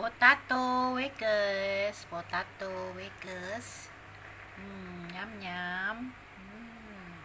potato wakers potato wakers hmm, nyam nyam hmm.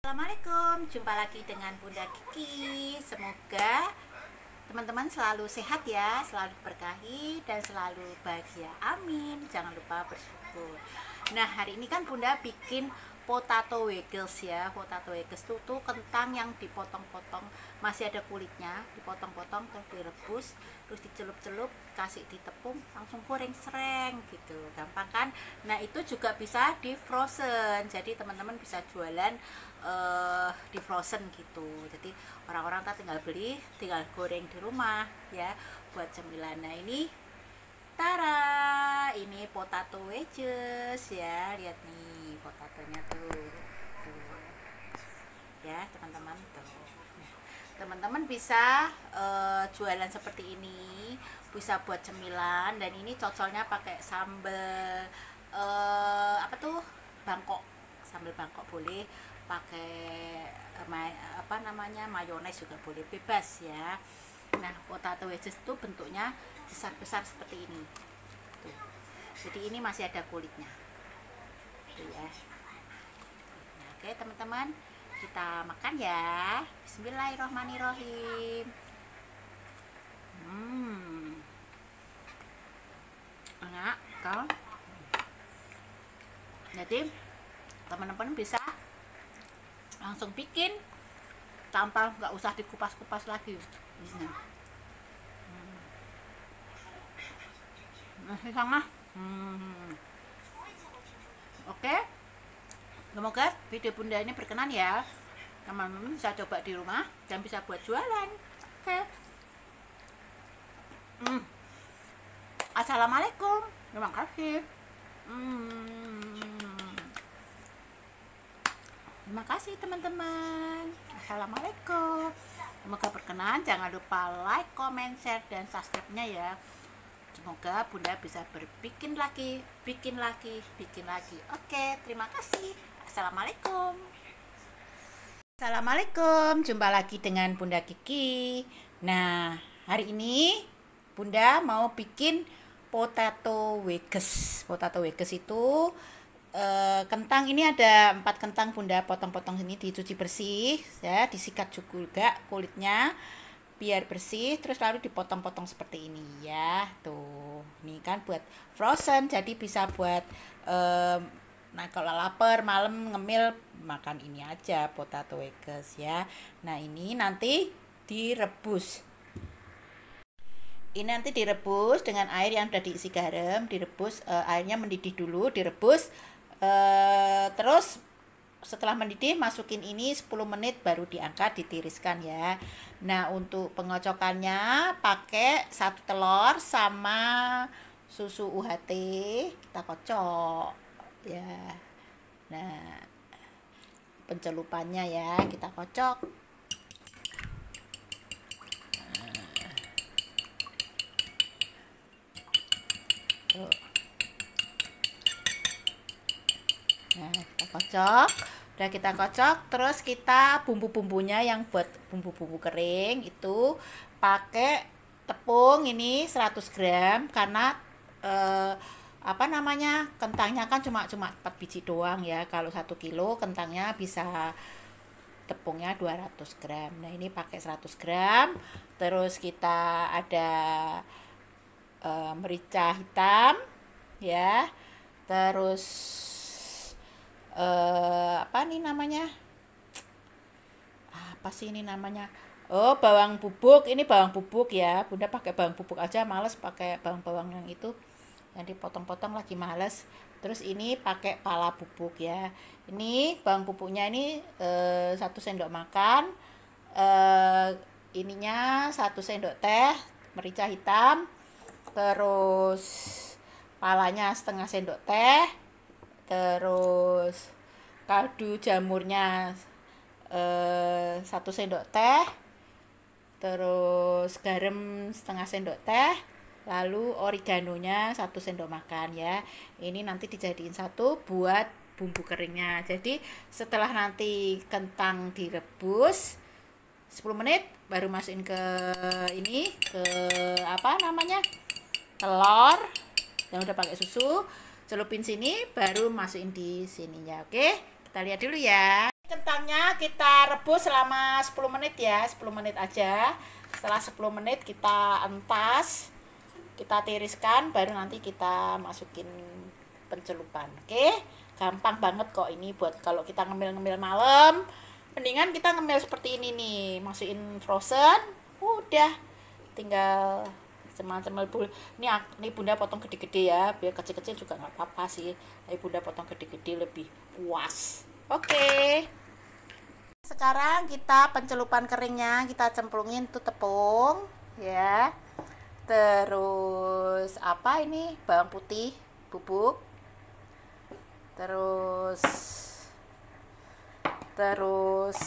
Assalamualaikum, jumpa lagi dengan Bunda Kiki. Semoga Teman-teman selalu sehat ya, selalu berkahi dan selalu bahagia. Amin. Jangan lupa bersyukur. Nah, hari ini kan Bunda bikin potato Wiggles ya potato Wiggles itu tuh kentang yang dipotong-potong masih ada kulitnya dipotong-potong terus direbus terus dicelup-celup kasih di tepung langsung goreng sereng gitu gampang kan nah itu juga bisa di frozen jadi teman-teman bisa jualan uh, eh, di frozen gitu jadi orang-orang tak tinggal beli tinggal goreng di rumah ya buat cemilan nah ini Tara, ini potato wedges ya. Lihat nih potatonya tuh. tuh. Ya, teman-teman tuh. Teman-teman bisa uh, jualan seperti ini, bisa buat cemilan dan ini cocolnya pakai sambal uh, eh, apa tuh? Bangkok. Sambal bangkok boleh pakai eh, apa namanya? mayones juga boleh bebas ya nah potato wedges itu bentuknya besar-besar seperti ini tuh. jadi ini masih ada kulitnya tuh ya nah, oke teman-teman kita makan ya Bismillahirrohmanirrohim hmm enak kau jadi teman-teman bisa langsung bikin tanpa nggak usah dikupas-kupas lagi Hmm. Masih Hmm. Oke. Semoga video Bunda ini berkenan ya. Teman-teman bisa coba di rumah dan bisa buat jualan. Oke. Hmm. Assalamualaikum. Terima kasih. Hmm. Terima kasih teman-teman. Assalamualaikum. Semoga berkenan, jangan lupa like, comment, share, dan subscribe-nya ya. Semoga Bunda bisa berbikin lagi, bikin lagi, bikin lagi. Oke, terima kasih. Assalamualaikum. Assalamualaikum, jumpa lagi dengan Bunda Kiki. Nah, hari ini Bunda mau bikin potato wedges. Potato wedges itu Eh, kentang ini ada empat kentang bunda potong-potong ini dicuci bersih ya disikat juga kulitnya biar bersih terus lalu dipotong-potong seperti ini ya tuh ini kan buat frozen jadi bisa buat um, nah kalau lapar malam ngemil makan ini aja potato wedges ya nah ini nanti direbus ini nanti direbus dengan air yang sudah diisi garam direbus uh, airnya mendidih dulu direbus Eh, terus setelah mendidih masukin ini 10 menit baru diangkat ditiriskan ya nah untuk pengocokannya pakai satu telur sama susu UHT kita kocok ya nah pencelupannya ya kita kocok kocok udah kita kocok terus kita bumbu-bumbunya yang buat bumbu-bumbu kering itu pakai tepung ini 100 gram karena eh, apa namanya kentangnya kan cuma cuma 4 biji doang ya kalau 1 kilo kentangnya bisa tepungnya 200 gram nah ini pakai 100 gram terus kita ada eh, merica hitam ya terus uh, apa nih namanya apa sih ini namanya oh bawang bubuk ini bawang bubuk ya bunda pakai bawang bubuk aja males pakai bawang-bawang yang itu yang dipotong-potong lagi males terus ini pakai pala bubuk ya ini bawang bubuknya ini eh, satu sendok makan uh, ininya satu sendok teh merica hitam terus palanya setengah sendok teh terus kaldu jamurnya eh, satu sendok teh terus garam setengah sendok teh lalu oreganonya satu sendok makan ya ini nanti dijadiin satu buat bumbu keringnya jadi setelah nanti kentang direbus 10 menit baru masukin ke ini ke apa namanya telur yang udah pakai susu celupin sini baru masukin di sininya oke kita lihat dulu ya kentangnya kita rebus selama 10 menit ya 10 menit aja setelah 10 menit kita entas kita tiriskan baru nanti kita masukin pencelupan oke gampang banget kok ini buat kalau kita ngemil-ngemil malam mendingan kita ngemil seperti ini nih masukin frozen udah tinggal cemil-cemil bul ini ini bunda potong gede-gede ya biar kecil-kecil juga nggak apa-apa sih tapi bunda potong gede-gede lebih puas oke okay. sekarang kita pencelupan keringnya kita cemplungin tuh tepung ya terus apa ini bawang putih bubuk terus terus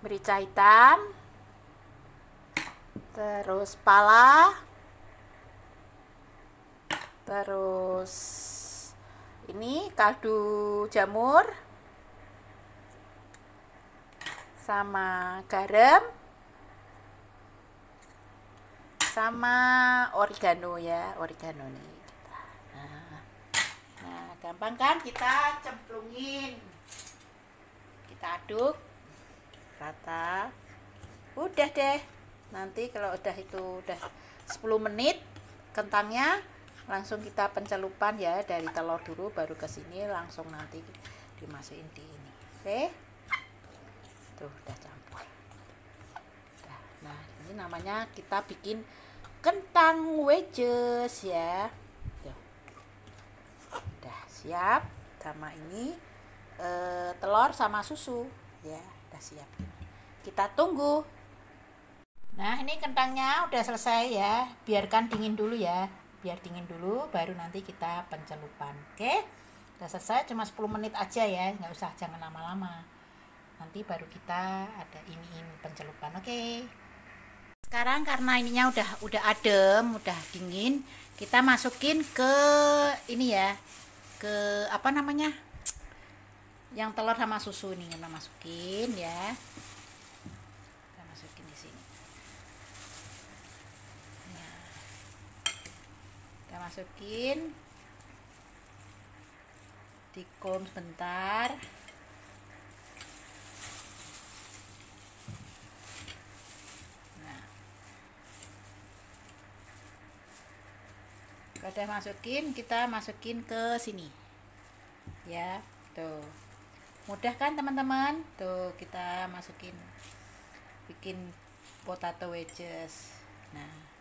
merica hitam terus pala terus ini kaldu jamur sama garam sama oregano ya oregano nih nah, nah gampang kan kita cemplungin kita aduk rata udah deh nanti kalau udah itu udah 10 menit kentangnya langsung kita pencelupan ya dari telur dulu baru ke sini langsung nanti dimasukin di ini oke tuh udah campur nah ini namanya kita bikin kentang wedges ya tuh. udah siap sama ini e, telur sama susu ya udah siap kita tunggu Nah, ini kentangnya udah selesai ya. Biarkan dingin dulu ya. Biar dingin dulu baru nanti kita pencelupan. Oke. Udah selesai cuma 10 menit aja ya. Nggak usah jangan lama-lama. Nanti baru kita ada ini ini pencelupan. Oke. Sekarang karena ininya udah udah adem, udah dingin, kita masukin ke ini ya. Ke apa namanya? Yang telur sama susu ini. kita masukin ya. masukin dikum sebentar nah masukin kita masukin ke sini ya tuh mudah kan teman-teman tuh kita masukin bikin potato wedges nah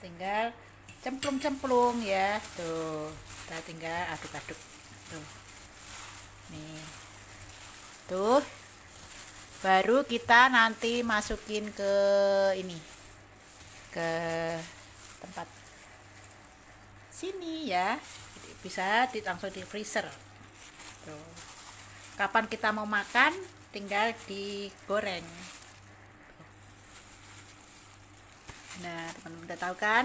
tinggal cemplung-cemplung ya tuh kita tinggal aduk-aduk tuh nih tuh baru kita nanti masukin ke ini ke tempat sini ya bisa di, langsung di freezer tuh kapan kita mau makan tinggal digoreng Nah, teman-teman udah tahu kan?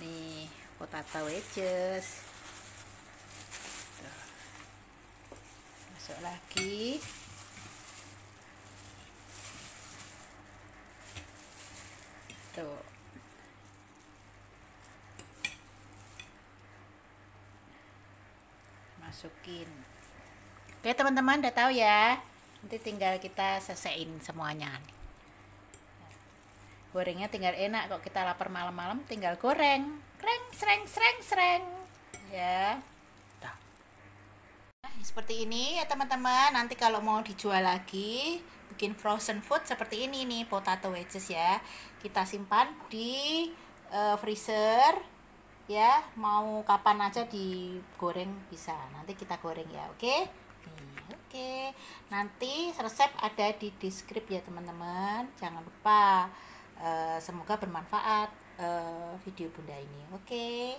Nih, potato wedges. Masuk lagi. Tuh. Masukin. Oke, teman-teman udah tahu ya. Nanti tinggal kita selesaiin semuanya nih gorengnya tinggal enak kok kita lapar malam-malam tinggal goreng kreng sreng sreng sreng ya nah, seperti ini ya teman-teman nanti kalau mau dijual lagi bikin frozen food seperti ini nih potato wedges ya kita simpan di uh, freezer ya mau kapan aja digoreng bisa nanti kita goreng ya oke okay? oke okay. nanti resep ada di deskripsi ya teman-teman jangan lupa uh, semoga bermanfaat uh, video bunda ini oke okay.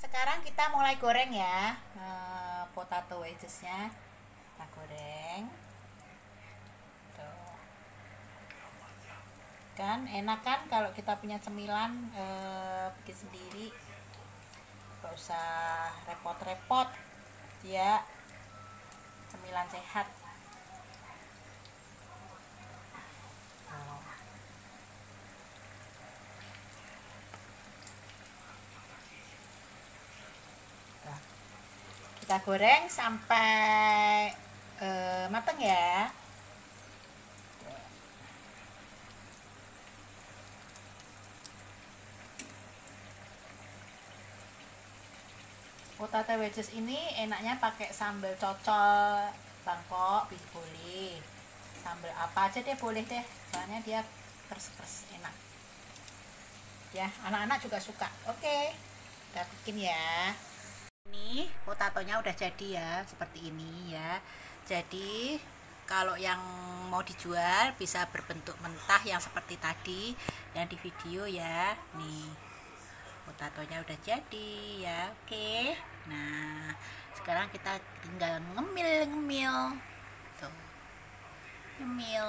sekarang kita mulai goreng ya uh, potato wedgesnya kita goreng kan enak kan kalau kita punya cemilan eh, bikin sendiri gak usah repot-repot ya cemilan sehat kita goreng sampai uh, eh, matang ya potato wedges ini enaknya pakai sambal cocol Bangkok bisa boleh sambal apa aja deh boleh deh soalnya dia pers-pers enak ya anak-anak juga suka oke okay. kita bikin ya ini potatonya udah jadi ya seperti ini ya jadi kalau yang mau dijual bisa berbentuk mentah yang seperti tadi yang di video ya nih potatonya udah jadi ya oke nah sekarang kita tinggal ngemil-ngemil tuh ngemil